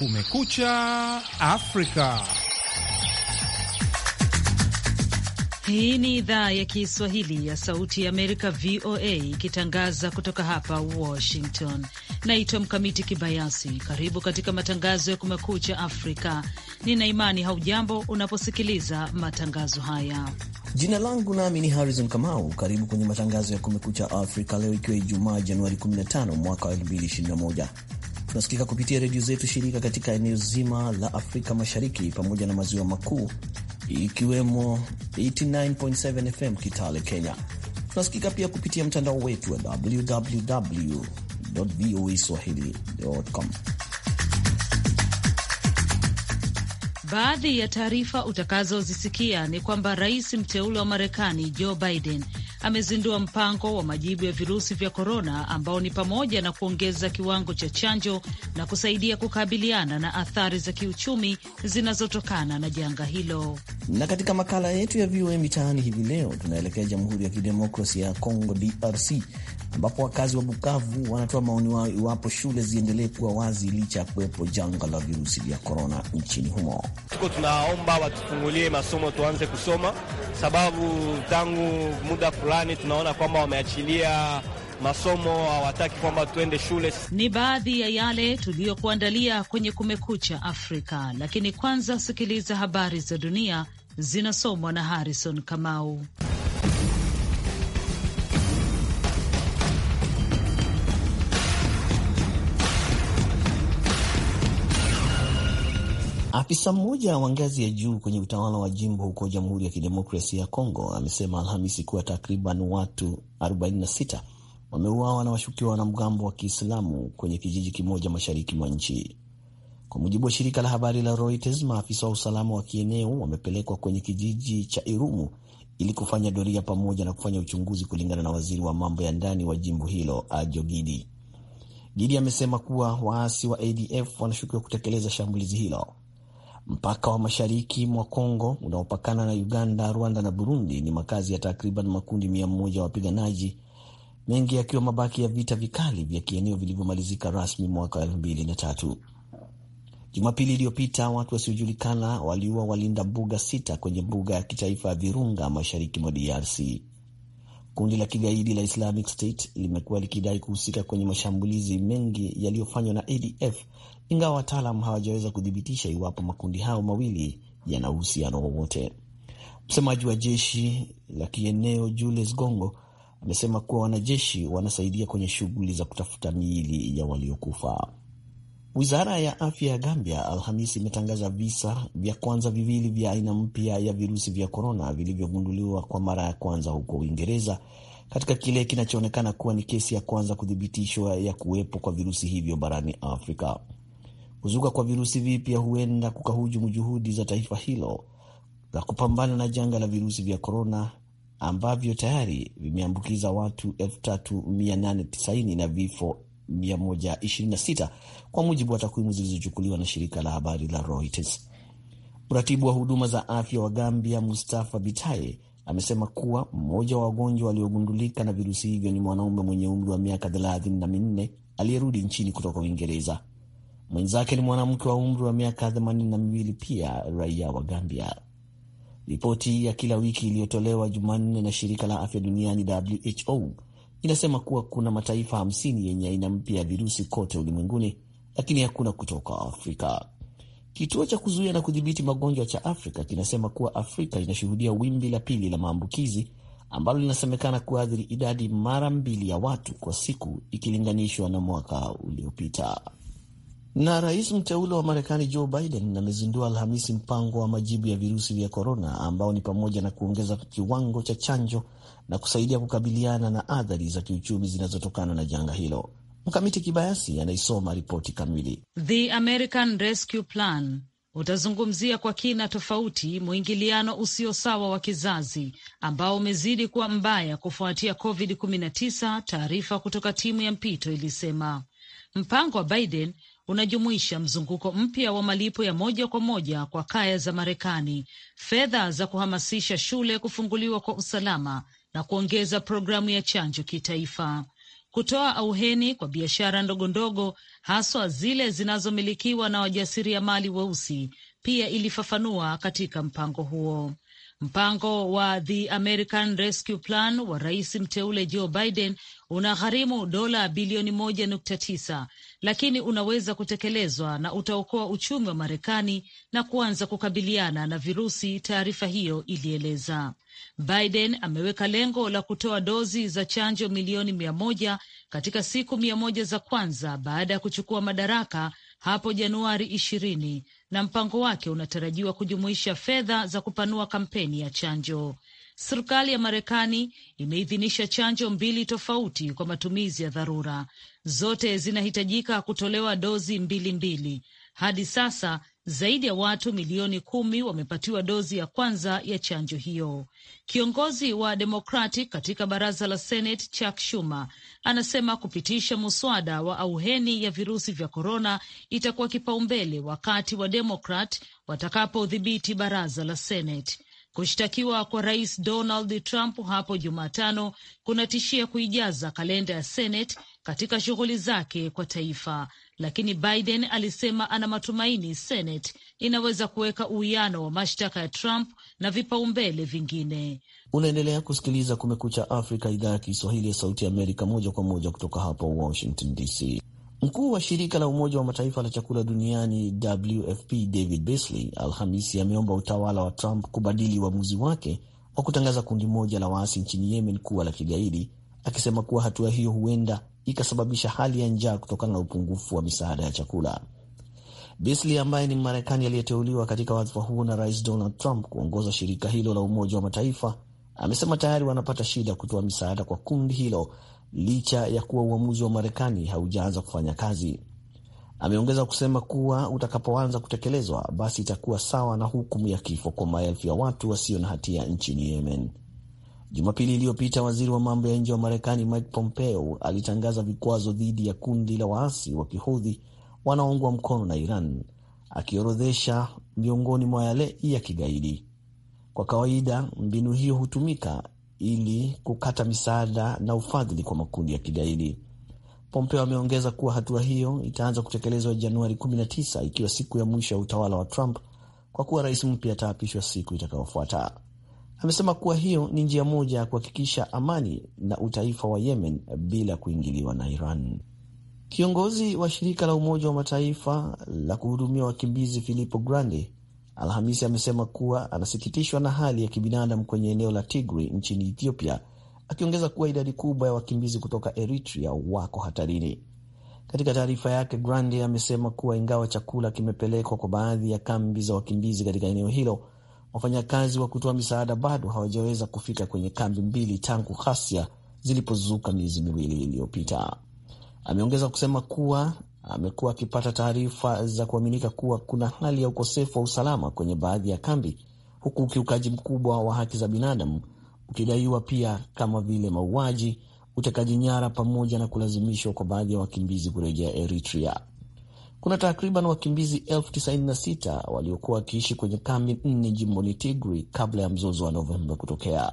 Kumekucha Afrika. Hii ni idhaa ya Kiswahili ya Sauti ya Amerika, VOA, ikitangaza kutoka hapa Washington. Naitwa Mkamiti Kibayasi. Karibu katika matangazo ya Kumekucha Afrika. Nina imani haujambo unaposikiliza matangazo haya. Jina langu nami ni Harrison Kamau. Karibu kwenye matangazo ya Kumekucha Afrika leo, ikiwa Ijumaa Januari 15 mwaka wa 2021. Tunasikika kupitia redio zetu shirika katika eneo zima la Afrika Mashariki pamoja na maziwa makuu ikiwemo 89.7 FM Kitale, Kenya. Tunasikika pia kupitia mtandao wetu wa www voa swahili.com. Baadhi ya taarifa utakazozisikia ni kwamba rais mteule wa Marekani Joe Biden amezindua mpango wa majibu ya virusi vya korona ambao ni pamoja na kuongeza kiwango cha chanjo na kusaidia kukabiliana na athari za kiuchumi zinazotokana na janga hilo. Na katika makala yetu ya VOA Mitaani hivi leo tunaelekea Jamhuri ya Kidemokrasia ya Kongo, DRC, ambapo wakazi wa Bukavu wanatoa maoni wao iwapo shule ziendelee kuwa wazi licha ya kuwepo janga la virusi vya korona nchini humo. Tuko tunaomba watufungulie masomo tuanze kusoma, sababu tangu muda fulani tunaona kwamba wameachilia masomo hawataki kwamba tuende shule. Ni baadhi ya yale tuliyokuandalia kwenye Kumekucha Afrika, lakini kwanza sikiliza habari za dunia zinasomwa na Harrison Kamau. Afisa mmoja wa ngazi ya juu kwenye utawala wa jimbo huko Jamhuri ya Kidemokrasia ya Kongo amesema Alhamisi kuwa takriban watu 46 wameuawa na washukiwa wanamgambo wa Kiislamu kwenye kijiji kimoja mashariki mwa nchi. Kwa mujibu wa shirika la habari la Reuters, maafisa wa usalama wa kieneo wamepelekwa kwenye kijiji cha Irumu ili kufanya doria pamoja na kufanya uchunguzi, kulingana na waziri wa mambo ya ndani wa jimbo hilo Ajo Gidi. Gidi amesema kuwa waasi wa ADF wanashukiwa kutekeleza shambulizi hilo. Mpaka wa mashariki mwa Kongo unaopakana na Uganda, Rwanda na Burundi ni makazi ya takriban makundi mia moja wapiganaji, mengi yakiwa mabaki ya vita vikali vya kieneo vilivyomalizika rasmi mwaka elfu mbili na tatu. Jumapili iliyopita watu wasiojulikana waliua walinda mbuga sita kwenye mbuga ya kitaifa ya Virunga mashariki mwa DRC. Kundi la kigaidi la Islamic State limekuwa likidai kuhusika kwenye mashambulizi mengi yaliyofanywa na ADF, ingawa wataalam hawajaweza kuthibitisha iwapo makundi hayo mawili yana uhusiano wowote. Msemaji wa jeshi la kieneo Jules Gongo amesema kuwa wanajeshi wanasaidia kwenye shughuli za kutafuta miili ya waliokufa. Wizara ya afya ya Gambia Alhamisi imetangaza visa vya kwanza viwili vya aina mpya ya virusi vya korona vilivyogunduliwa kwa mara ya kwanza huko Uingereza, katika kile kinachoonekana kuwa ni kesi ya kwanza kuthibitishwa ya kuwepo kwa virusi hivyo barani Afrika. Kuzuka kwa virusi vipya huenda kukahujumu juhudi za taifa hilo za kupambana na janga la virusi vya korona ambavyo tayari vimeambukiza watu 3890 na vifo 126 kwa mujibu wa takwimu zilizochukuliwa na shirika la habari la Reuters. Mratibu wa huduma za afya wa Gambia, Mustafa Bitaye, amesema kuwa mmoja wa wagonjwa waliogundulika na virusi hivyo ni mwanaume mwenye umri wa miaka 34 aliyerudi nchini kutoka Uingereza. Mwenzake ni mwanamke wa umri wa miaka 82, pia raia wa Gambia. Ripoti ya kila wiki iliyotolewa Jumanne na shirika la afya duniani WHO inasema kuwa kuna mataifa hamsini yenye aina mpya ya virusi kote ulimwenguni, lakini hakuna kutoka Afrika. Kituo cha kuzuia na kudhibiti magonjwa cha Afrika kinasema kuwa Afrika inashuhudia wimbi la pili la maambukizi ambalo linasemekana kuathiri idadi mara mbili ya watu kwa siku ikilinganishwa na mwaka uliopita. Na rais mteule wa Marekani Joe Biden amezindua Alhamisi mpango wa majibu ya virusi vya korona ambao ni pamoja na kuongeza kiwango cha chanjo na kusaidia kukabiliana na athari za kiuchumi zinazotokana na janga hilo. Mkamiti Kibayasi anaisoma ripoti kamili. The American Rescue Plan utazungumzia kwa kina tofauti mwingiliano usio sawa wa kizazi ambao umezidi kuwa mbaya kufuatia COVID-19, taarifa kutoka timu ya mpito ilisema. Mpango wa Biden unajumuisha mzunguko mpya wa malipo ya moja kwa moja kwa kaya za Marekani, fedha za kuhamasisha shule kufunguliwa kwa usalama na kuongeza programu ya chanjo kitaifa, kutoa auheni kwa biashara ndogondogo, haswa zile zinazomilikiwa na wajasiriamali weusi, pia ilifafanua katika mpango huo. Mpango wa The American Rescue Plan wa rais mteule Joe Biden unagharimu dola bilioni moja nukta tisa lakini unaweza kutekelezwa na utaokoa uchumi wa Marekani na kuanza kukabiliana na virusi, taarifa hiyo ilieleza. Biden ameweka lengo la kutoa dozi za chanjo milioni mia moja katika siku mia moja za kwanza baada ya kuchukua madaraka hapo Januari ishirini na mpango wake unatarajiwa kujumuisha fedha za kupanua kampeni ya chanjo. Serikali ya Marekani imeidhinisha chanjo mbili tofauti kwa matumizi ya dharura. Zote zinahitajika kutolewa dozi mbili mbili. Hadi sasa zaidi ya watu milioni kumi wamepatiwa dozi ya kwanza ya chanjo hiyo. Kiongozi wa demokrati katika baraza la Senate Chuck Schumer anasema kupitisha muswada wa auheni ya virusi vya korona itakuwa kipaumbele wakati wa Demokrat watakapodhibiti baraza la Senate. Kushtakiwa kwa rais Donald Trump hapo Jumatano kunatishia kuijaza kalenda ya Senate katika shughuli zake kwa taifa lakini Biden alisema ana matumaini Senate inaweza kuweka uwiano wa mashtaka ya Trump na vipaumbele vingine. Unaendelea kusikiliza Kumekucha Afrika, idhaa ya Kiswahili ya Sauti Amerika, moja kwa moja kutoka hapa Washington DC. Mkuu wa shirika la Umoja wa Mataifa la chakula duniani WFP David Beasley Alhamisi ameomba utawala wa Trump kubadili uamuzi wa wake wa kutangaza kundi moja la waasi nchini Yemen kuwa la kigaidi, akisema kuwa hatua hiyo huenda ikasababisha hali ya njaa kutokana na upungufu wa misaada ya chakula. Beasley ambaye ni marekani aliyeteuliwa katika wadhifa huo na Rais Donald Trump kuongoza shirika hilo la Umoja wa Mataifa amesema tayari wanapata shida kutoa misaada kwa kundi hilo licha ya kuwa uamuzi wa Marekani haujaanza kufanya kazi. Ameongeza kusema kuwa utakapoanza kutekelezwa, basi itakuwa sawa na hukumu ya kifo kwa maelfu ya watu wasio na hatia nchini Yemen. Jumapili iliyopita waziri wa mambo ya nje wa Marekani Mike Pompeo alitangaza vikwazo dhidi ya kundi la waasi wa kihudhi wanaoungwa mkono na Iran, akiorodhesha miongoni mwa yale ya kigaidi. Kwa kawaida mbinu hiyo hutumika ili kukata misaada na ufadhili kwa makundi ya kigaidi. Pompeo ameongeza kuwa hatua hiyo itaanza kutekelezwa Januari 19 ikiwa siku ya mwisho ya utawala wa Trump, kwa kuwa rais mpya ataapishwa siku itakayofuata amesema kuwa hiyo ni njia moja ya kuhakikisha amani na utaifa wa Yemen bila kuingiliwa na Iran. Kiongozi wa shirika la Umoja wa Mataifa la kuhudumia wakimbizi Filippo Grandi Alhamisi amesema kuwa anasikitishwa na hali ya kibinadamu kwenye eneo la Tigri nchini Ethiopia, akiongeza kuwa idadi kubwa ya wakimbizi kutoka Eritrea wako hatarini. Katika taarifa yake, Grandi amesema kuwa ingawa chakula kimepelekwa kwa baadhi ya kambi za wakimbizi katika eneo hilo wafanyakazi wa kutoa misaada bado hawajaweza kufika kwenye kambi mbili tangu ghasia zilipozuka miezi miwili iliyopita. Ameongeza kusema kuwa amekuwa akipata taarifa za kuaminika kuwa kuna hali ya ukosefu wa usalama kwenye baadhi ya kambi, huku ukiukaji mkubwa wa haki za binadamu ukidaiwa pia, kama vile mauaji, utekaji nyara pamoja na kulazimishwa kwa baadhi ya wakimbizi kurejea Eritrea. Kuna takriban wakimbizi elfu waliokuwa wakiishi kwenye kambi nne jimboni Tigri kabla ya mzozo wa Novemba kutokea.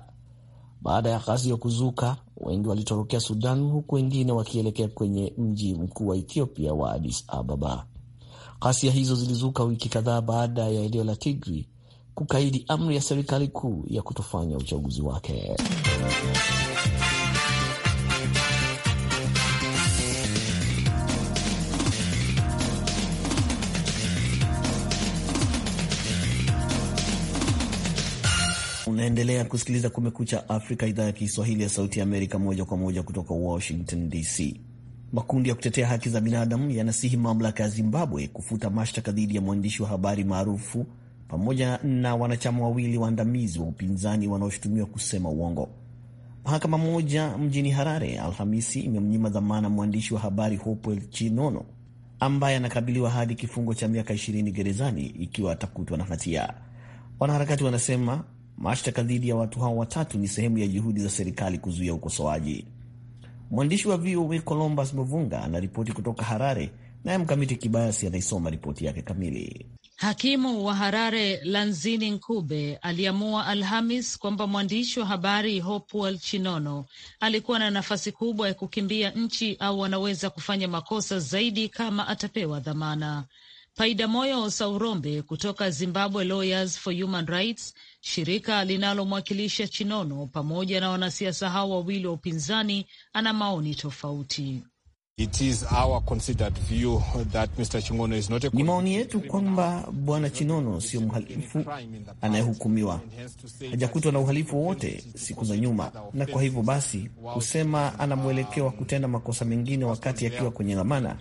Baada ya ghasia kuzuka, wengi walitorokea Sudan, huku wengine wakielekea kwenye mji mkuu wa Ethiopia wa Addis Ababa. Ghasia hizo zilizuka wiki kadhaa baada ya eneo la Tigri kukaidi amri ya serikali kuu ya kutofanya uchaguzi wake. Unaendelea kusikiliza Kumekucha Afrika, idhaa ya Kiswahili ya Sauti ya Amerika, moja kwa moja kutoka Washington DC. Makundi ya kutetea haki za binadamu yanasihi mamlaka ya Zimbabwe kufuta mashtaka dhidi ya mwandishi wa habari maarufu pamoja na wanachama wawili waandamizi wa upinzani wanaoshutumiwa kusema uongo. Mahakama moja mjini Harare Alhamisi imemnyima dhamana mwandishi wa habari Hopewell Chinono ambaye anakabiliwa hadi kifungo cha miaka 20 gerezani ikiwa atakutwa na hatia. Wanaharakati wanasema Mashtaka dhidi ya watu hao watatu ni sehemu ya juhudi za serikali kuzuia ukosoaji. Mwandishi wa VOA Columbus Mvunga anaripoti kutoka Harare, naye Mkamiti Kibayasi anaisoma ripoti yake kamili. Hakimu wa Harare Lanzini Nkube aliamua Alhamis kwamba mwandishi wa habari Hopewell Chinono alikuwa na nafasi kubwa ya kukimbia nchi au anaweza kufanya makosa zaidi kama atapewa dhamana moyo Saurombe kutoka Zimbabwe Lawyers for Human Rights, shirika linalomwakilisha Chinono pamoja na wanasiasa hao wawili wa upinzani, ana maoni tofauti. Ni maoni yetu kwamba Bwana Chinono sio mhalifu anayehukumiwa, hajakutwa na uhalifu wowote siku za nyuma, na kwa hivyo basi kusema ana mwelekeo wa kutenda makosa mengine wakati akiwa kwenye dhamana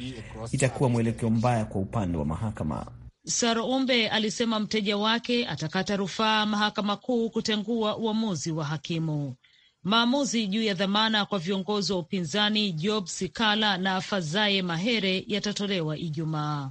itakuwa mwelekeo mbaya kwa upande wa mahakama. Sarombe alisema mteja wake atakata rufaa mahakama kuu kutengua uamuzi wa hakimu. Maamuzi juu ya dhamana kwa viongozi wa upinzani Job Sikala na Fazaye Mahere yatatolewa Ijumaa.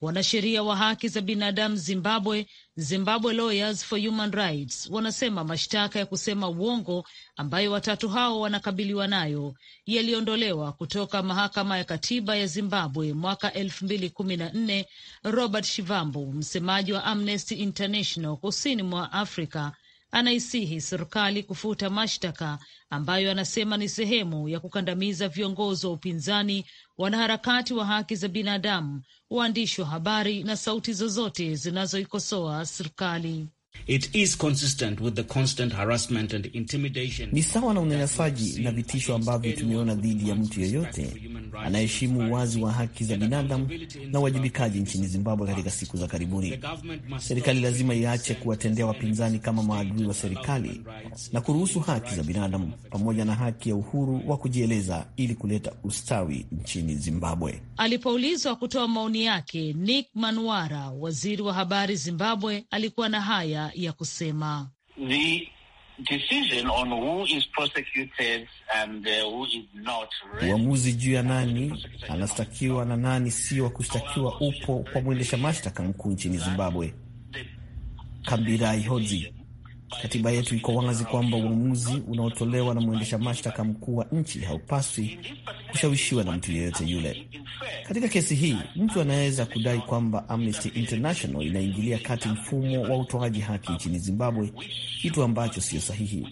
Wanasheria wa haki za binadamu Zimbabwe, Zimbabwe Lawyers for Human Rights, wanasema mashtaka ya kusema uongo ambayo watatu hao wanakabiliwa nayo yaliondolewa kutoka mahakama ya katiba ya Zimbabwe mwaka elfu mbili kumi na nne. Robert Shivambu, msemaji wa Amnesty International kusini mwa Afrika, anaisihi serikali kufuta mashtaka ambayo anasema ni sehemu ya kukandamiza viongozi wa upinzani, wanaharakati wa haki za binadamu, waandishi wa habari na sauti zozote zinazoikosoa serikali. It is consistent with the constant harassment and intimidation. Ni sawa na unyanyasaji na vitisho ambavyo tumeona dhidi ya mtu yeyote anaheshimu uwazi wa haki za binadamu na uwajibikaji nchini Zimbabwe katika siku za karibuni. Serikali lazima iache kuwatendea wapinzani kama maadui wa serikali na kuruhusu haki za binadamu pamoja na haki ya uhuru wa kujieleza ili kuleta ustawi nchini Zimbabwe. Alipoulizwa kutoa maoni yake, Nick Manwara, waziri wa habari Zimbabwe, alikuwa na haya ya kusema The uh, uamuzi juu ya nani anastakiwa na nani sio wa kushtakiwa upo kwa mwendesha mashtaka mkuu nchini Zimbabwe, Kambirai Hodzi. Katiba yetu iko wazi kwamba uamuzi unaotolewa na mwendesha mashtaka mkuu wa nchi haupaswi kushawishiwa na mtu yeyote yule. Katika kesi hii, mtu anaweza kudai kwamba Amnesty International inaingilia kati mfumo wa utoaji haki nchini Zimbabwe, kitu ambacho sio sahihi,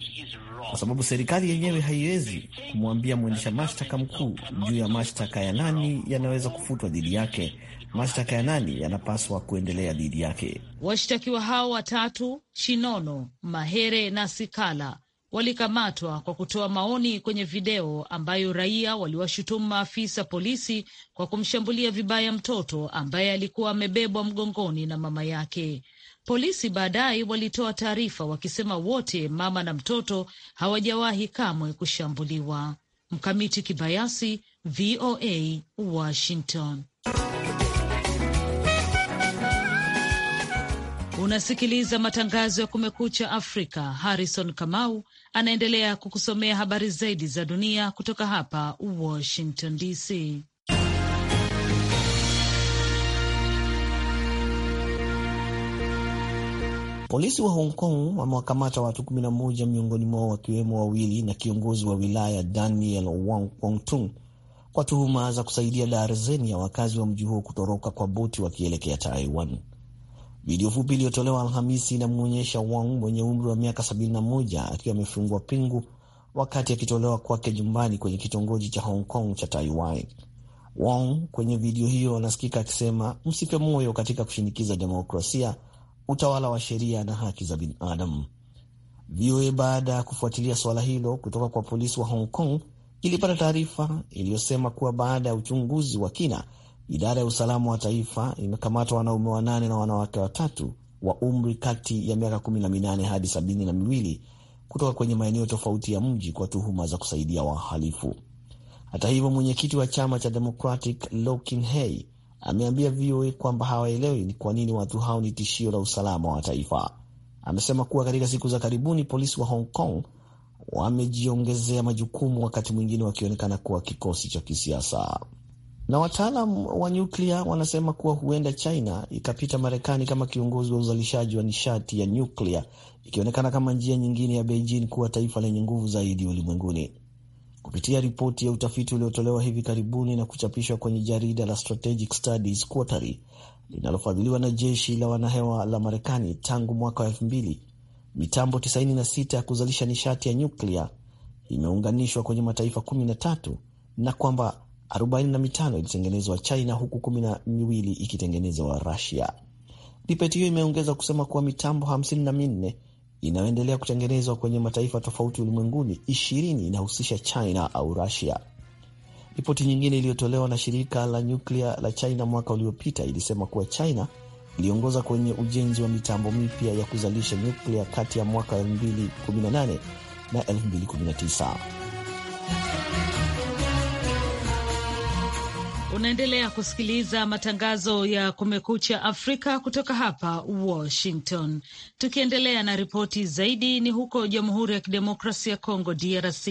kwa sababu serikali yenyewe haiwezi kumwambia mwendesha mashtaka mkuu juu ya mashtaka ya nani yanaweza kufutwa dhidi yake mashtaka ya nani yanapaswa kuendelea dhidi yake. Washtakiwa hao watatu, Chinono, Mahere na Sikala, walikamatwa kwa kutoa maoni kwenye video ambayo raia waliwashutumu maafisa polisi kwa kumshambulia vibaya mtoto ambaye alikuwa amebebwa mgongoni na mama yake. Polisi baadaye walitoa taarifa wakisema wote, mama na mtoto, hawajawahi kamwe kushambuliwa. Mkamiti Kibayasi, VOA, Washington. Unasikiliza matangazo ya Kumekucha Afrika. Harrison Kamau anaendelea kukusomea habari zaidi za dunia kutoka hapa Washington DC. Polisi wa Hong Kong wamewakamata watu 11 miongoni mwao wakiwemo wawili na kiongozi wa wilaya Daniel Wong tung kwa tuhuma za kusaidia darzeni ya wakazi wa mji huo kutoroka kwa boti wakielekea Taiwan. Video fupi iliyotolewa Alhamisi inamwonyesha Wang mwenye umri wa miaka 71 akiwa amefungwa pingu wakati akitolewa kwake nyumbani kwenye kitongoji cha Hong Kong cha Taiwan. Wang kwenye video hiyo anasikika akisema, msife moyo katika kushinikiza demokrasia, utawala wa sheria na haki za binadamu. VOA baada ya kufuatilia suala hilo kutoka kwa polisi wa Hong Kong ilipata taarifa iliyosema kuwa baada ya uchunguzi wa kina Idara ya usalama wa taifa imekamata wanaume wanane na wanawake watatu wa umri kati ya miaka kumi na minane hadi sabini na miwili kutoka kwenye maeneo tofauti ya mji kwa tuhuma za kusaidia wahalifu. Hata hivyo, mwenyekiti wa chama cha Democratic Lokin Hey ameambia VOA kwamba hawaelewi ni kwa nini watu hao ni tishio la usalama wa taifa. Amesema kuwa katika siku za karibuni polisi wa Hong Kong wamejiongezea majukumu, wakati mwingine wakionekana kuwa kikosi cha kisiasa na wataalam wa nyuklia wanasema kuwa huenda China ikapita Marekani kama kiongozi wa uzalishaji wa nishati ya nyuklia, ikionekana kama njia nyingine ya Beijing kuwa taifa lenye nguvu zaidi ulimwenguni. Kupitia ripoti ya utafiti uliotolewa hivi karibuni na kuchapishwa kwenye jarida la Strategic Studies Quarterly linalofadhiliwa na jeshi la wanahewa la Marekani, tangu mwaka wa elfu mbili mitambo 96 ya kuzalisha nishati ya nyuklia imeunganishwa kwenye mataifa 13 na kwamba 45 ilitengenezwa China huku kumi na miwili ikitengenezwa Russia. Ripoti hiyo imeongeza kusema kuwa mitambo 54 inayoendelea kutengenezwa kwenye mataifa tofauti ulimwenguni, 20 inahusisha China au rusia Ripoti nyingine iliyotolewa na shirika la nyuklia la China mwaka uliopita ilisema kuwa China iliongoza kwenye ujenzi wa mitambo mipya ya kuzalisha nyuklia kati ya mwaka 2018 na 2019. Unaendelea kusikiliza matangazo ya Kumekucha Afrika kutoka hapa Washington. Tukiendelea na ripoti zaidi, ni huko Jamhuri ya Kidemokrasia ya Kongo, DRC,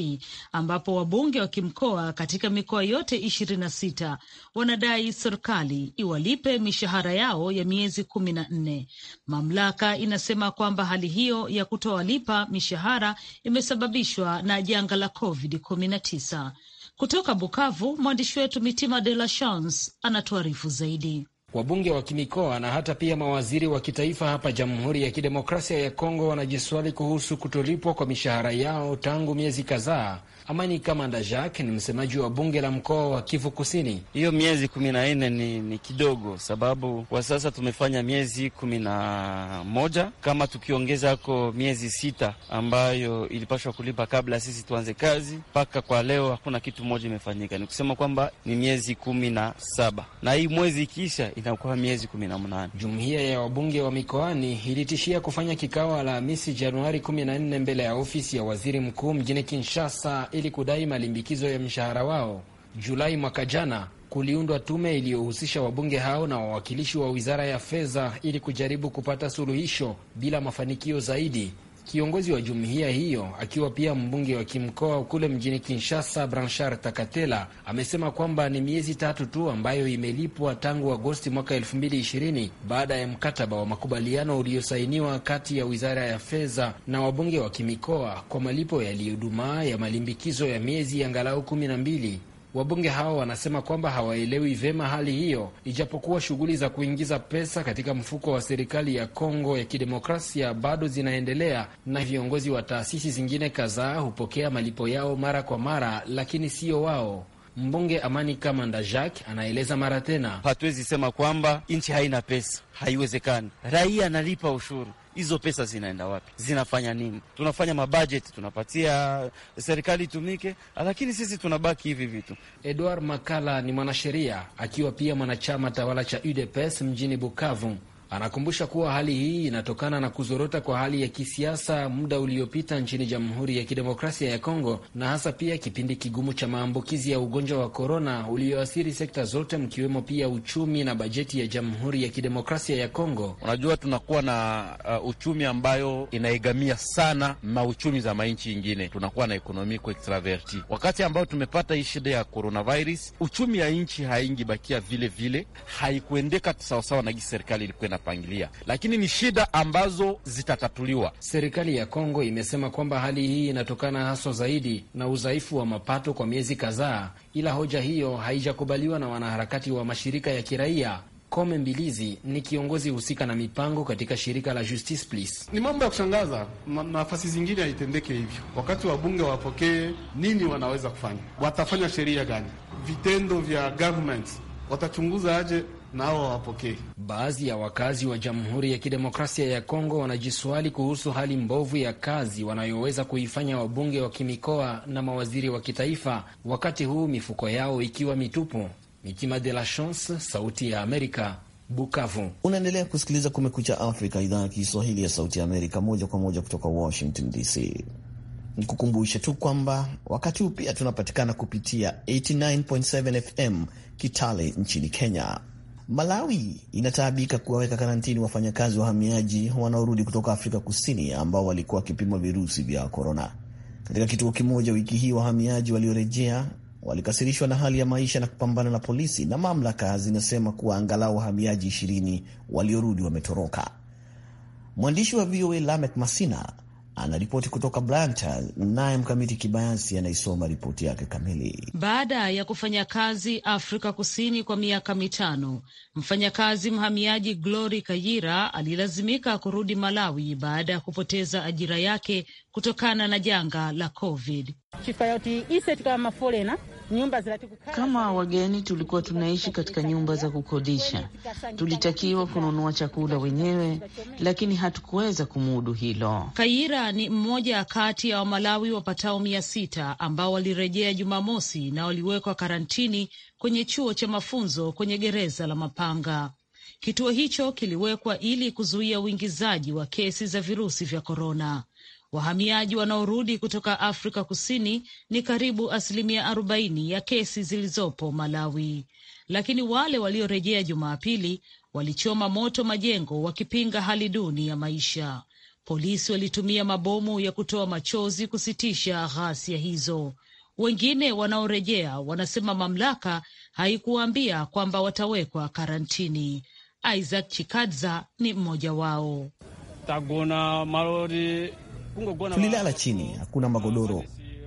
ambapo wabunge wa kimkoa katika mikoa yote 26 wanadai serikali iwalipe mishahara yao ya miezi kumi na nne. Mamlaka inasema kwamba hali hiyo ya kutowalipa mishahara imesababishwa na janga la COVID-19. Kutoka Bukavu, mwandishi wetu Mitima De La Chance anatuarifu zaidi. Wabunge wa kimikoa na hata pia mawaziri wa kitaifa hapa Jamhuri ya Kidemokrasia ya Kongo wanajiswali kuhusu kutolipwa kwa mishahara yao tangu miezi kadhaa Amani Kamanda Jacques ni msemaji wa bunge la mkoa wa Kivu Kusini. Hiyo miezi kumi na nne ni, ni kidogo, sababu kwa sasa tumefanya miezi kumi na moja kama tukiongeza ako miezi sita ambayo ilipashwa kulipa kabla sisi tuanze kazi, mpaka kwa leo hakuna kitu moja imefanyika. Ni kusema kwamba ni miezi kumi na saba na hii mwezi ikiisha inakuwa miezi kumi na mnane. Jumuiya ya wabunge wa mikoani ilitishia kufanya kikao Alhamisi Januari kumi na nne mbele ya ofisi ya waziri mkuu mjini Kinshasa ili kudai malimbikizo ya mshahara wao. Julai mwaka jana kuliundwa tume iliyohusisha wabunge hao na wawakilishi wa wizara ya fedha ili kujaribu kupata suluhisho bila mafanikio zaidi. Kiongozi wa jumuiya hiyo akiwa pia mbunge wa kimkoa kule mjini Kinshasa, Branchar Takatela amesema kwamba ni miezi tatu tu ambayo imelipwa tangu Agosti mwaka 2020 baada ya mkataba wa makubaliano uliosainiwa kati ya wizara ya fedha na wabunge wa kimikoa kwa malipo yaliyodumaa ya malimbikizo ya miezi angalau kumi na mbili Wabunge hao wanasema kwamba hawaelewi vyema hali hiyo, ijapokuwa shughuli za kuingiza pesa katika mfuko wa serikali ya Kongo ya Kidemokrasia bado zinaendelea na viongozi wa taasisi zingine kadhaa hupokea malipo yao mara kwa mara, lakini sio wao. Mbunge Amani Kamanda Jacques anaeleza mara tena, hatuwezi sema kwamba nchi haina pesa, haiwezekani. Raia analipa ushuru hizo pesa zinaenda wapi? Zinafanya nini? Tunafanya mabajeti, tunapatia serikali itumike, lakini sisi tunabaki hivi vitu. Edward Makala ni mwanasheria akiwa pia mwanachama tawala cha UDPS mjini Bukavu. Anakumbusha kuwa hali hii inatokana na kuzorota kwa hali ya kisiasa muda uliopita nchini Jamhuri ya Kidemokrasia ya Kongo na hasa pia kipindi kigumu cha maambukizi ya ugonjwa wa korona ulioathiri sekta zote mkiwemo pia uchumi na bajeti ya Jamhuri ya Kidemokrasia ya Kongo. Unajua, tunakuwa na uh, uchumi ambayo inaigamia sana mauchumi za manchi ingine, tunakuwa na ekonomiko extraverti. Wakati ambayo tumepata hii shida ya coronavirus, uchumi ya nchi haingibakia vile vile, haikuendeka sawasawa na gisi serikali ilikuwa zinapangilia, lakini ni shida ambazo zitatatuliwa. Serikali ya Kongo imesema kwamba hali hii inatokana haswa zaidi na udhaifu wa mapato kwa miezi kadhaa, ila hoja hiyo haijakubaliwa na wanaharakati wa mashirika ya kiraia. Kome Mbilizi ni kiongozi husika na mipango katika shirika la Justice Please. Ni mambo ya kushangaza, nafasi zingine haitendeke hivyo. Wakati wabunge wapokee nini, wanaweza kufanya watafanya sheria gani? Vitendo vya government watachunguza aje nao wapokee. Baadhi ya wakazi wa Jamhuri ya Kidemokrasia ya Kongo wanajiswali kuhusu hali mbovu ya kazi wanayoweza kuifanya wabunge wa kimikoa na mawaziri wa kitaifa, wakati huu mifuko yao ikiwa mitupu. Mitima de la Chance, Sauti ya Amerika, Bukavu. Unaendelea kusikiliza Kumekucha Afrika, idhaa ya Kiswahili ya Sauti ya Amerika, moja kwa moja kutoka Washington DC. Nikukumbushe tu kwamba wakati huu pia tunapatikana kupitia 89.7 FM Kitale nchini Kenya Malawi inataabika kuwaweka karantini wafanyakazi wahamiaji wanaorudi kutoka Afrika Kusini ambao walikuwa wakipimwa virusi vya korona. Katika kituo kimoja wiki hii, wahamiaji waliorejea walikasirishwa na hali ya maisha na kupambana na polisi, na mamlaka zinasema kuwa angalau wahamiaji ishirini waliorudi wametoroka. Mwandishi wa VOA Lamek Masina anaripoti kutoka blanta naye Mkamiti Kibayasi anaisoma ripoti yake kamili. Baada ya kufanya kazi Afrika Kusini kwa miaka mitano, mfanyakazi mhamiaji Glory Kayira alilazimika kurudi Malawi baada ya kupoteza ajira yake kutokana na janga la COVID nyumba zinatukukaa. Kama wageni tulikuwa tunaishi katika nyumba za kukodisha, tulitakiwa kununua chakula wenyewe, lakini hatukuweza kumudu hilo. Kaira ni mmoja kati ya Wamalawi wapatao mia sita ambao walirejea Jumamosi na waliwekwa karantini kwenye chuo cha mafunzo kwenye gereza la Mapanga. Kituo hicho kiliwekwa ili kuzuia uingizaji wa kesi za virusi vya korona. Wahamiaji wanaorudi kutoka Afrika Kusini ni karibu asilimia arobaini ya kesi zilizopo Malawi, lakini wale waliorejea Jumapili walichoma moto majengo wakipinga hali duni ya maisha. Polisi walitumia mabomu ya kutoa machozi kusitisha ghasia hizo. Wengine wanaorejea wanasema mamlaka haikuwaambia kwamba watawekwa karantini. Isaac Chikadza ni mmoja wao. Taguna malori Tulilala chini, hakuna magodoro.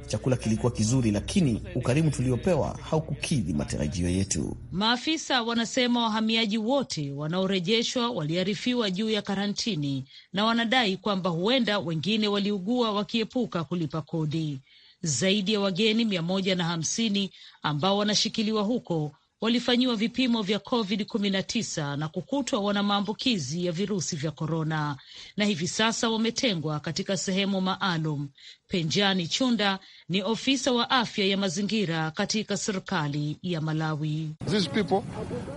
Chakula kilikuwa kizuri, lakini ukarimu tuliopewa haukukidhi matarajio yetu. Maafisa wanasema wahamiaji wote wanaorejeshwa waliarifiwa juu ya karantini na wanadai kwamba huenda wengine waliugua wakiepuka kulipa kodi. Zaidi ya wageni mia moja na hamsini ambao wanashikiliwa huko walifanyiwa vipimo vya COVID-19 na kukutwa wana maambukizi ya virusi vya korona, na hivi sasa wametengwa katika sehemu maalum. Penjani Chunda ni ofisa wa afya ya mazingira katika serikali ya Malawi. These people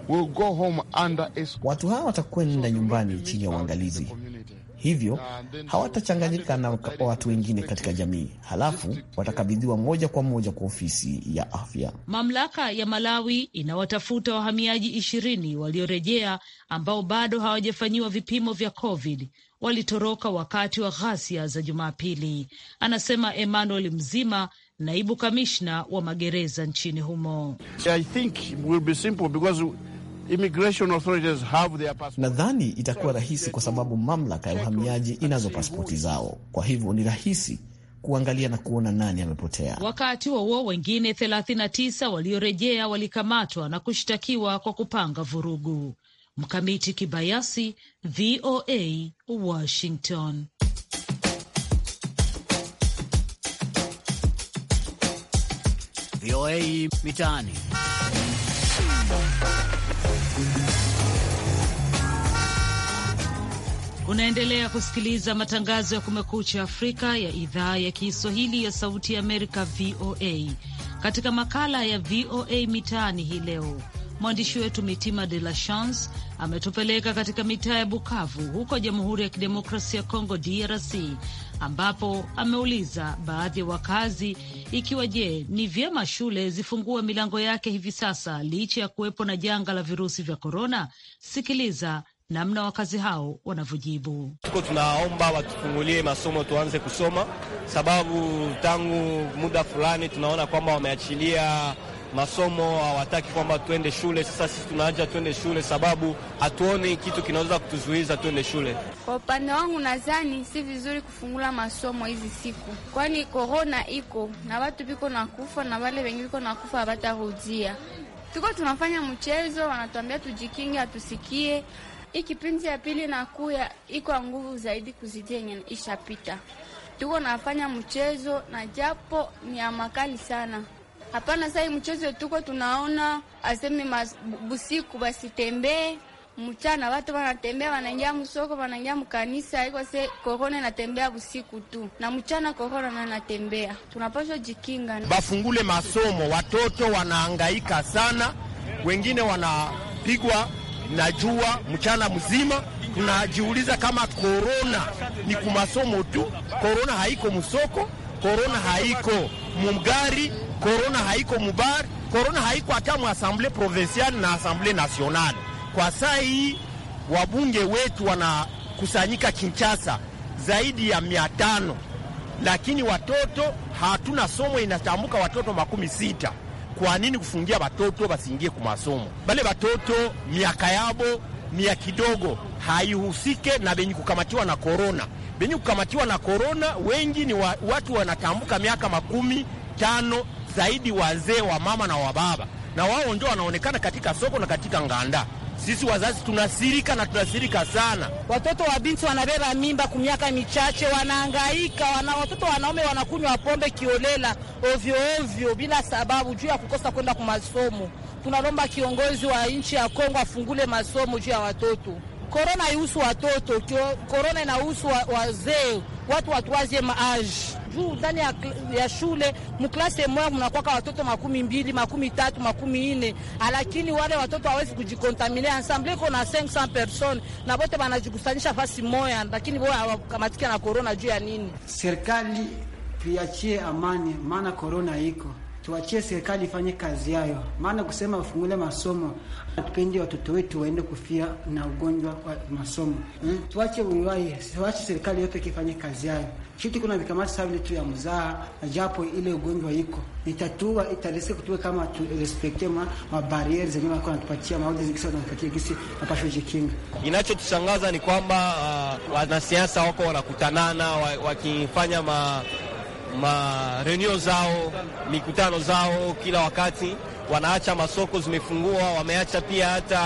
will go home under... watu hawa watakwenda nyumbani chini ya uangalizi hivyo hawatachanganyika na watu wengine katika jamii, halafu watakabidhiwa moja kwa moja kwa ofisi ya afya. Mamlaka ya Malawi inawatafuta wahamiaji ishirini waliorejea ambao bado hawajafanyiwa vipimo vya COVID walitoroka wakati wa ghasia za Jumapili, anasema Emmanuel Mzima, naibu kamishna wa magereza nchini humo. I think will be simple because Nadhani itakuwa rahisi kwa sababu mamlaka ya uhamiaji inazo pasipoti zao, kwa hivyo ni rahisi kuangalia na kuona nani amepotea. Wakati huo wengine 39 waliorejea walikamatwa na kushtakiwa kwa kupanga vurugu. Mkamiti Kibayasi, VOA, Washington. VOA Mitaani. Unaendelea kusikiliza matangazo ya Kumekucha Afrika ya idhaa ya Kiswahili ya Sauti ya Amerika, VOA. Katika makala ya VOA Mitaani hii leo, mwandishi wetu Mitima De La Chance ametupeleka katika mitaa ya Bukavu huko Jamhuri ya Kidemokrasia ya Kongo, DRC, ambapo ameuliza baadhi ya wakazi ikiwa je, ni vyema shule zifungue milango yake hivi sasa licha ya kuwepo na janga la virusi vya korona. Sikiliza namna wakazi hao wanavyojibu. Tuko tunaomba watufungulie masomo tuanze kusoma, sababu tangu muda fulani tunaona kwamba wameachilia masomo hawataki kwamba tuende shule. Sasa sisi tunaanja tuende shule, sababu hatuoni kitu kinaweza kutuzuiza tuende shule. Kwa upande wangu, nadhani si vizuri kufungula masomo hizi siku, kwani korona iko na watu viko na kufa na wale wengi viko na kufa hawatarudia. Tuko tunafanya mchezo, wanatuambia tujikinge, hatusikie hii kipindi ya pili na kuya iko nguvu zaidi kuzidia yenye ishapita. Tuko nafanya mchezo na japo ni ya makali sana. Hapana, sai mchezo tuko tunaona aseme busiku basi tembee mchana, watu wanatembea wanaingia msoko wanaingia mkanisa, iko se korona inatembea busiku tu na mchana korona na natembea, tunapaswa jikinga. Bafungule masomo, watoto wanaangaika sana, wengine wanapigwa najua mchana mzima tunajiuliza kama korona ni kumasomo tu. Korona haiko musoko, korona haiko mugari, korona haiko mubar, korona haiko hata asamble provinciale na asamble nationale. Kwa saa hii wabunge wetu wanakusanyika Kinshasa zaidi ya mia tano, lakini watoto hatuna somo, inatambuka watoto makumi sita. Kwa nini kufungia watoto wasiingie kumasomo? Bale watoto miaka yabo ni ya kidogo haihusike na benye kukamatiwa na korona. Benye kukamatiwa na korona wengi ni wa, watu wanatambuka miaka makumi tano zaidi, wazee wa mama na wababa, na wao ndio wanaonekana katika soko na katika nganda sisi wazazi tunasirika na tunasirika sana. Watoto wa binti wanabeba mimba kwa miaka michache, wanaangaika wana, watoto wanaume wanakunywa pombe kiolela ovyo ovyo bila sababu, juu ya kukosa kwenda kwa masomo. Tunalomba kiongozi wa nchi ya Kongo afungule masomo juu ya watoto. Korona haihusu watoto, korona inahusu wazee, watu wa troisieme age juu ndani ya, ya shule muklase moya mnakwaka watoto makumi mbili makumi tatu makumi ine alakini ah, wale watoto hawezi kujikontamine ensemble iko na 500 personnes na bote banajikusanisha fasi moya, lakini bo hawakamatika na korona juu ya nini? Serikali tuachie amani, maana korona iko tuachie serikali ifanye kazi yayo, maana kusema wafungule masomo, hatupendi watoto wetu waende kufia na ugonjwa wa masomo hmm? Tuache unywayi, tuache serikali yote ikifanye kazi yayo. Shiti kuna vikamati sabili tu ya mzaa, na japo ile ugonjwa iko itatua itariske kutua kama turespekte mabarieri zenye wako natupatia maudi zikisa natupatia gisi napasho jikinga. Inachotushangaza ni kwamba uh, wanasiasa wako wanakutanana wakifanya wa ma mareunion zao, mikutano zao kila wakati wanaacha masoko zimefungua, wameacha pia hata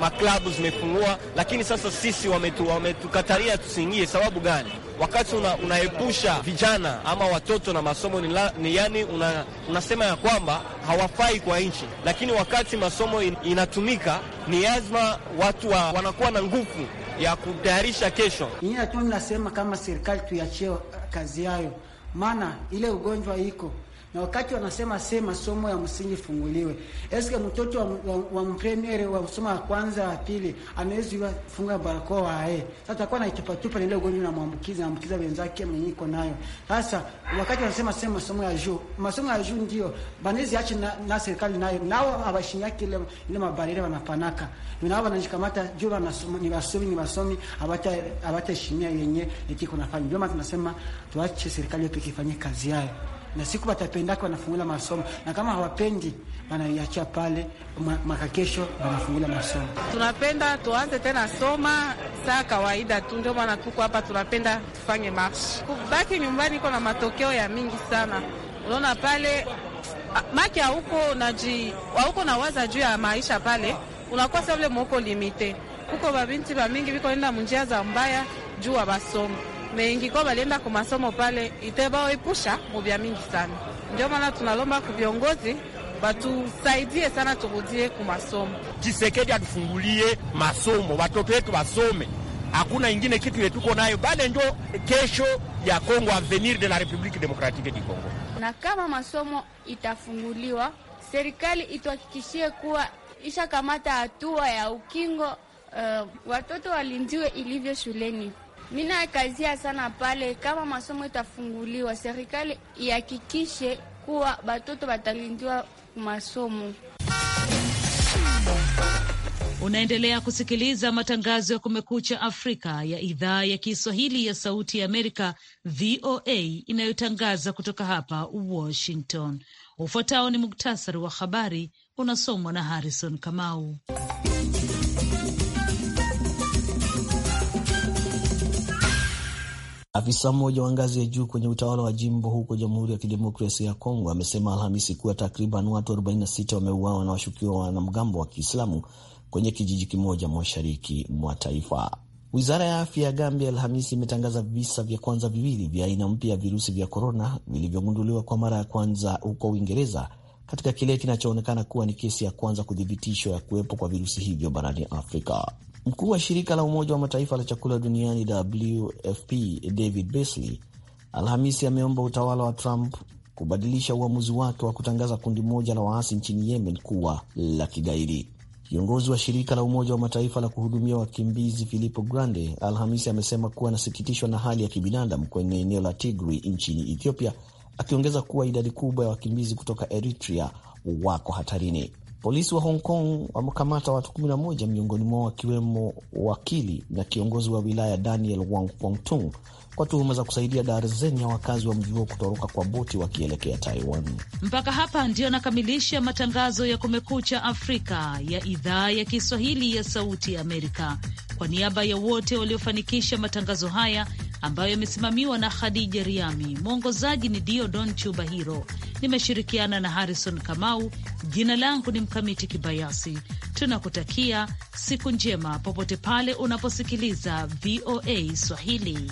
maklabu ma, ma zimefungua, lakini sasa sisi wametukataria tusiingie. Sababu gani? Wakati una, unaepusha vijana ama watoto na masomo ni, la, ni yani una, unasema ya kwamba hawafai kwa nchi, lakini wakati masomo in, inatumika ni lazima watu wa, wanakuwa na nguvu ya kutayarisha kesho. Nyinyi tu nasema kama serikali tuyachie kazi yayo, maana ile ugonjwa iko na wakati wanasema se masomo ya msingi funguliwe, eske mtoto wa, wa, wa mpremiere wa msomo wa kwanza wa pili ameweziwa funga barakoa ae, sasa atakuwa naitupatupa nile ugonjwa na mwambukizi ambukiza wenzake mwenyiko nayo. Sasa wakati wanasema se masomo ya juu, masomo ya juu ndio banezi ache na, na serikali nayo nao abashinyaki ile ile mabarere wanapanaka nao wanajikamata juu wanasoma ni wasomi ni wasomi abata abata shimia yenye ikiko nafanya, ndio maana tunasema tuache serikali yote ikifanye kazi yayo na siku watapendaka wanafungula masomo, na kama hawapendi wanaiacha pale, makakesho wanafungula masomo. Tunapenda tuanze tena soma saa kawaida tu, ndio maana tuko hapa, tunapenda tufanye marshi. Kubaki nyumbani iko na matokeo ya mingi sana, unaona pale maki hauko na ji hauko na waza juu ya maisha pale, unakuwa sa vile mwoko limite huko, babinti bamingi viko enda munjia za mbaya juu wa basomo meingiko balienda ku masomo pale itebaoipusha mubya mingi sana. Ndio maana tunalomba ku viongozi batusaidie sana, turudie ku masomo. Chisekedi atufungulie masomo, watoto wetu wasome. Hakuna ingine kitu ile tuko nayo bale, njo kesho ya Kongo, avenir de la Republique Democratique du Congo. Na kama masomo itafunguliwa, serikali ituhakikishie kuwa ishakamata hatua ya ukingo, uh, watoto walindiwe ilivyo shuleni. Mina kazia sana pale, kama masomo itafunguliwa, serikali ihakikishe kuwa batoto batalindiwa masomo. Unaendelea kusikiliza matangazo ya Kumekucha Afrika ya idhaa ya Kiswahili ya Sauti ya Amerika, VOA, inayotangaza kutoka hapa Washington. Ufuatao ni muktasari wa habari unasomwa na Harrison Kamau. Afisa mmoja wa ngazi ya juu kwenye utawala wa jimbo huko Jamhuri ya Kidemokrasia ya Kongo amesema Alhamisi kuwa takriban watu 46 wameuawa na washukiwa wanamgambo wa Kiislamu kwenye kijiji kimoja mashariki mwa taifa. Wizara ya afya ya Gambia Alhamisi imetangaza visa vya kwanza viwili vya aina mpya ya virusi vya korona vilivyogunduliwa kwa mara ya kwanza huko Uingereza, katika kile kinachoonekana kuwa ni kesi ya kwanza kuthibitishwa ya kuwepo kwa virusi hivyo barani Afrika. Mkuu wa shirika la Umoja wa Mataifa la chakula duniani WFP David Beasley Alhamisi ameomba utawala wa Trump kubadilisha uamuzi wake wa kutangaza kundi moja la waasi nchini Yemen kuwa la kigaidi. Kiongozi wa shirika la Umoja wa Mataifa la kuhudumia wakimbizi Filippo Grandi Alhamisi amesema kuwa anasikitishwa na hali ya kibinadamu kwenye eneo la Tigri nchini Ethiopia, akiongeza kuwa idadi kubwa ya wakimbizi kutoka Eritrea wako hatarini. Polisi wa Hong Kong wamekamata watu 11 miongoni mwao wakiwemo wakili na kiongozi wa wilaya Daniel Wang Pongtung kwa tuhuma za kusaidia darzeni ya wakazi wa mji huo kutoroka kwa boti wakielekea Taiwan. Mpaka hapa ndio nakamilisha matangazo ya Kumekucha Afrika ya idhaa ya Kiswahili ya Sauti Amerika. Kwa niaba ya wote waliofanikisha matangazo haya ambayo yamesimamiwa na Khadija Riami, mwongozaji ni dio don chuba hiro nimeshirikiana na Harrison Kamau. Jina langu ni Mkamiti Kibayasi. Tunakutakia siku njema popote pale unaposikiliza VOA Swahili.